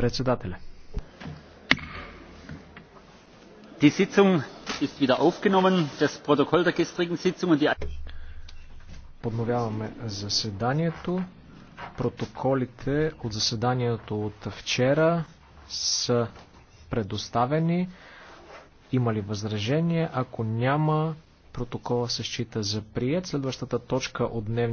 Председателя. Подновяваме заседанието. Протоколите от заседанието от вчера са предоставени. Има ли възражение? Ако няма, протокола се счита за прият. Следващата точка от дневния